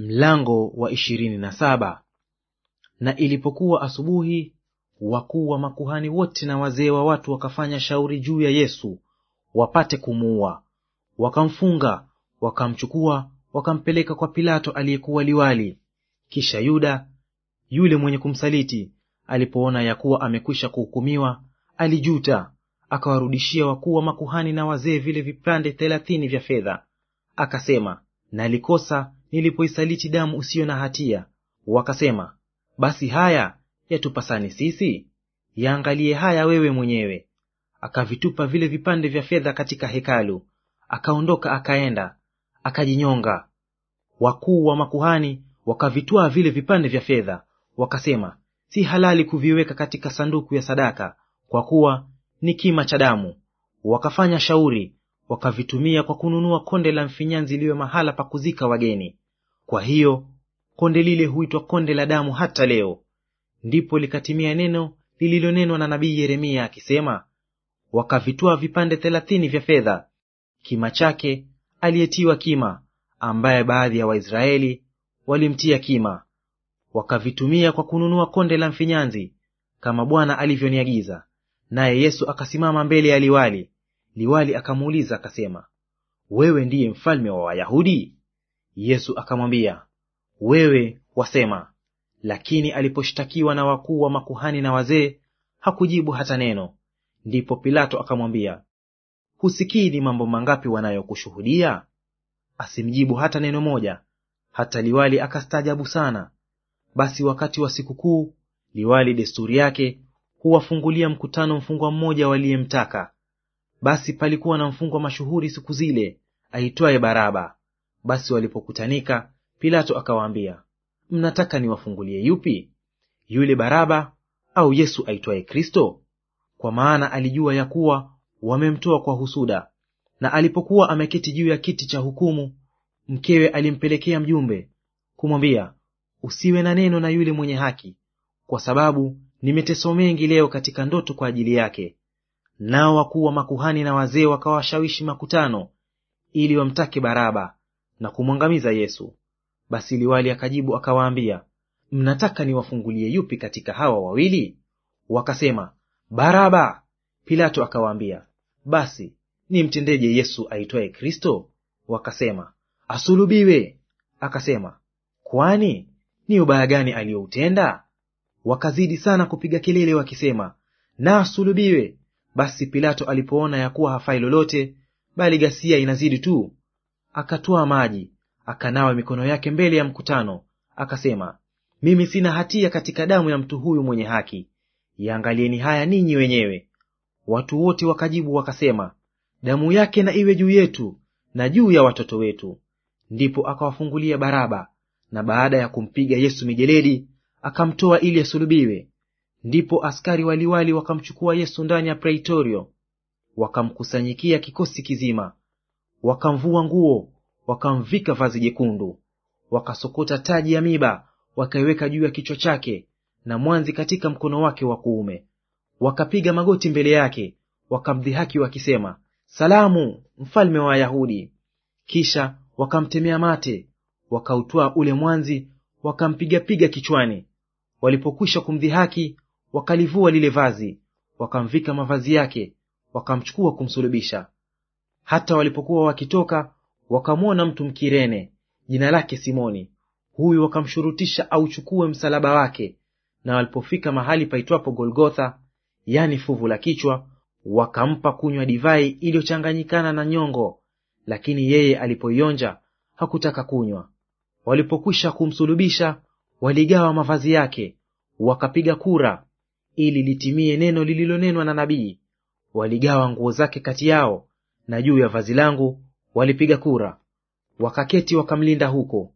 Mlango wa ishirini na saba. Na ilipokuwa asubuhi, wakuu wa makuhani wote na wazee wa watu wakafanya shauri juu ya Yesu wapate kumuua. Wakamfunga, wakamchukua, wakampeleka kwa Pilato aliyekuwa liwali. Kisha Yuda yule mwenye kumsaliti alipoona ya kuwa amekwisha kuhukumiwa, alijuta, akawarudishia wakuu wa makuhani na wazee vile vipande thelathini vya fedha, akasema, nalikosa nilipoisaliti damu usiyo na hatia. Wakasema, basi haya yatupasani sisi? Yaangalie haya wewe mwenyewe. Akavitupa vile vipande vya fedha katika hekalu, akaondoka akaenda akajinyonga. Wakuu wa makuhani wakavitwaa vile vipande vya fedha, wakasema, si halali kuviweka katika sanduku ya sadaka, kwa kuwa ni kima cha damu. Wakafanya shauri, wakavitumia kwa kununua konde la mfinyanzi liwe mahala pa kuzika wageni. Kwa hiyo konde lile huitwa konde la damu hata leo. Ndipo likatimia neno lililonenwa na nabii Yeremia akisema, wakavitwa vipande thelathini vya fedha, kima chake aliyetiwa kima, ambaye baadhi ya Waisraeli walimtia kima, wakavitumia kwa kununua konde la mfinyanzi, kama Bwana alivyoniagiza. Naye Yesu akasimama mbele ya liwali. Liwali akamuuliza akasema, wewe ndiye mfalme wa Wayahudi? Yesu akamwambia, wewe wasema. Lakini aliposhtakiwa na wakuu wa makuhani na wazee, hakujibu hata neno. Ndipo Pilato akamwambia, husikii ni mambo mangapi wanayokushuhudia? Asimjibu hata neno moja. Hata liwali akastajabu sana. Basi wakati wa sikukuu, liwali desturi yake huwafungulia mkutano mfungwa mmoja waliyemtaka. Basi palikuwa na mfungwa mashuhuri siku zile aitwaye Baraba. Basi walipokutanika, Pilato akawaambia, mnataka niwafungulie yupi, yule Baraba au Yesu aitwaye Kristo? Kwa maana alijua ya kuwa wamemtoa kwa husuda. Na alipokuwa ameketi juu ya kiti cha hukumu, mkewe alimpelekea mjumbe kumwambia, usiwe na neno na yule mwenye haki, kwa sababu nimeteswa mengi leo katika ndoto kwa ajili yake. Nao wakuu wa makuhani na wazee wakawashawishi makutano ili wamtake Baraba na kumwangamiza Yesu. Basi liwali akajibu akawaambia, mnataka niwafungulie yupi katika hawa wawili? Wakasema, Baraba. Pilato akawaambia, basi nimtendeje Yesu aitwaye Kristo? Wakasema, asulubiwe. Akasema, kwani ni ubaya gani aliyoutenda? Wakazidi sana kupiga kelele wakisema, na asulubiwe. Basi Pilato alipoona ya kuwa hafai lolote, bali ghasia inazidi tu, akatwaa maji, akanawa mikono yake mbele ya mkutano, akasema, mimi sina hatia katika damu ya mtu huyu mwenye haki, yaangalieni haya ninyi wenyewe. Watu wote wakajibu wakasema, damu yake na iwe juu yetu na juu ya watoto wetu. Ndipo akawafungulia Baraba, na baada ya kumpiga Yesu mijeledi akamtoa ili asulubiwe. Ndipo askari waliwali wakamchukua Yesu ndani ya Praitorio, wakamkusanyikia kikosi kizima, wakamvua nguo, wakamvika vazi jekundu, wakasokota taji ya miba, wakaiweka juu ya kichwa chake, na mwanzi katika mkono wake wa kuume. Wakapiga magoti mbele yake, wakamdhihaki wakisema, Salamu, mfalme wa Wayahudi. Kisha wakamtemea mate, wakautwaa ule mwanzi, wakampigapiga kichwani. Walipokwisha kumdhihaki, wakalivua lile vazi, wakamvika mavazi yake, wakamchukua kumsulubisha. Hata walipokuwa wakitoka, wakamwona mtu Mkirene jina lake Simoni. Huyu wakamshurutisha auchukue msalaba wake, na walipofika mahali paitwapo Golgotha, yani fuvu la kichwa, wakampa kunywa divai iliyochanganyikana na nyongo, lakini yeye alipoionja hakutaka kunywa. Walipokwisha kumsulubisha, waligawa mavazi yake, wakapiga kura ili litimie neno lililonenwa na nabii. Waligawa nguo zake kati yao, na juu ya vazi langu walipiga kura, wakaketi wakamlinda huko,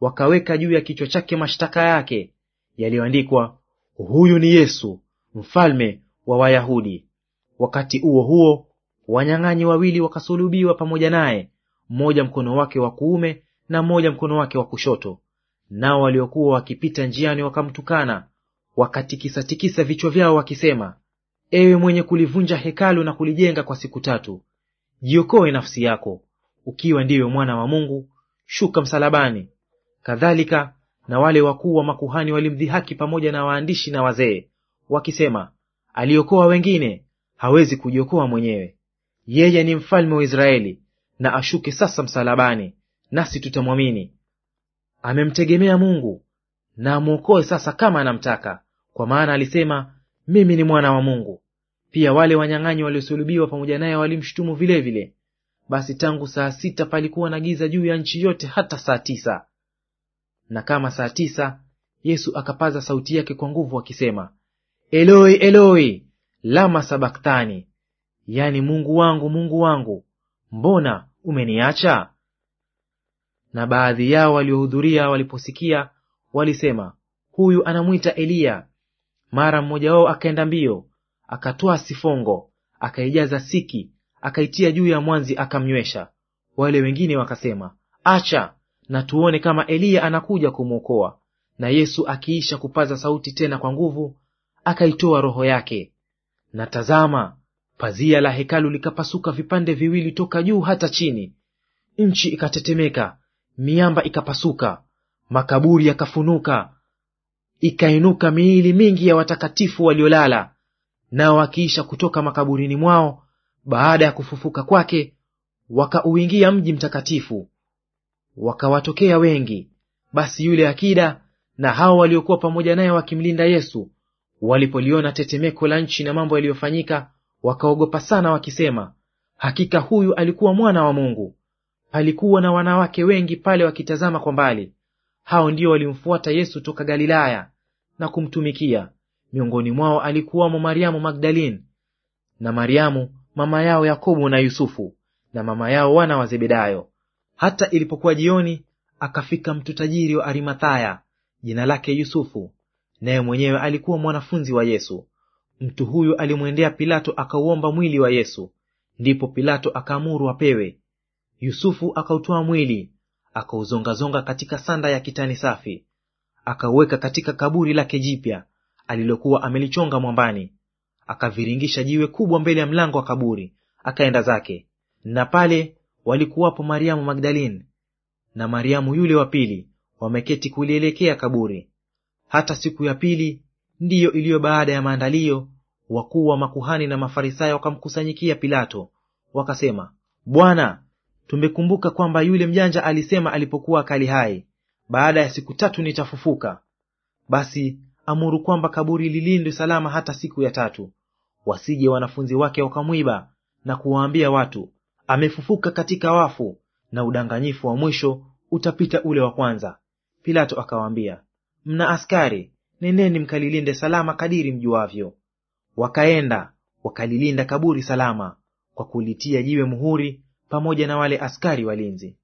wakaweka juu ya kichwa chake mashtaka yake yaliyoandikwa, huyu ni Yesu mfalme wa Wayahudi. Wakati huo huo wanyang'anyi wawili wakasulubiwa pamoja naye, mmoja mkono wake wa kuume na mmoja mkono wake wa kushoto. Nao waliokuwa wakipita njiani wakamtukana, wakatikisatikisa vichwa vyao wakisema, ewe mwenye kulivunja hekalu na kulijenga kwa siku tatu, Jiokoe nafsi yako, ukiwa ndiwe mwana wa Mungu, shuka msalabani. Kadhalika na wale wakuu wa makuhani walimdhihaki pamoja na waandishi na wazee, wakisema, aliokoa wengine, hawezi kujiokoa mwenyewe. Yeye ni mfalme wa Israeli, na ashuke sasa msalabani, nasi tutamwamini. Amemtegemea Mungu, na amwokoe sasa kama anamtaka, kwa maana alisema, mimi ni mwana wa Mungu. Pia wale wanyang'anyi waliosulubiwa pamoja naye walimshutumu vilevile. Basi tangu saa sita palikuwa na giza juu ya nchi yote hata saa tisa. Na kama saa tisa Yesu akapaza sauti yake kwa nguvu akisema, Eloi, Eloi, lama sabakthani yani Mungu wangu, Mungu wangu, mbona umeniacha? Na baadhi yao waliohudhuria waliposikia walisema, huyu anamwita Eliya. Mara mmoja wao akaenda mbio akatoa sifongo, akaijaza siki, akaitia juu ya mwanzi, akamnywesha. Wale wengine wakasema, acha na tuone kama Eliya anakuja kumwokoa. Na Yesu akiisha kupaza sauti tena kwa nguvu, akaitoa roho yake. Na tazama, pazia la hekalu likapasuka vipande viwili toka juu hata chini. Nchi ikatetemeka, miamba ikapasuka, makaburi yakafunuka, ikainuka miili mingi ya watakatifu waliolala, nao wakiisha kutoka makaburini mwao baada ya kufufuka kwake, wakauingia mji mtakatifu, wakawatokea wengi. Basi yule akida na hao waliokuwa pamoja naye wakimlinda Yesu walipoliona tetemeko la nchi na mambo yaliyofanyika, wakaogopa sana, wakisema, hakika huyu alikuwa mwana wa Mungu. Palikuwa na wanawake wengi pale wakitazama kwa mbali. Hao ndio walimfuata Yesu toka Galilaya na kumtumikia. Miongoni mwao alikuwamo Mariamu Magdalene na Mariamu mama yao Yakobo na Yusufu na mama yao wana wa Zebedayo. Hata ilipokuwa jioni, akafika mtu tajiri wa Arimathaya, jina lake Yusufu, naye mwenyewe alikuwa mwanafunzi wa Yesu. Mtu huyu alimwendea Pilato akauomba mwili wa Yesu. Ndipo Pilato akaamuru apewe. Yusufu akautoa mwili, akauzongazonga katika sanda ya kitani safi, akauweka katika kaburi lake jipya alilokuwa amelichonga mwambani, akaviringisha jiwe kubwa mbele ya mlango wa kaburi, akaenda zake. Na pale walikuwapo Mariamu Magdalene na Mariamu yule wa pili, wameketi kulielekea kaburi. Hata siku ya pili, ndiyo iliyo baada ya maandalio, wakuu wa makuhani na Mafarisayo wakamkusanyikia Pilato, wakasema, Bwana, tumekumbuka kwamba yule mjanja alisema alipokuwa akali hai, baada ya siku tatu nitafufuka. Basi amuru kwamba kaburi lilindwe salama hata siku ya tatu, wasije wanafunzi wake wakamwiba na kuwaambia watu, amefufuka katika wafu, na udanganyifu wa mwisho utapita ule wa kwanza. Pilato akawaambia, mna askari, nendeni mkalilinde salama kadiri mjuavyo. Wakaenda wakalilinda kaburi salama, kwa kulitia jiwe muhuri pamoja na wale askari walinzi.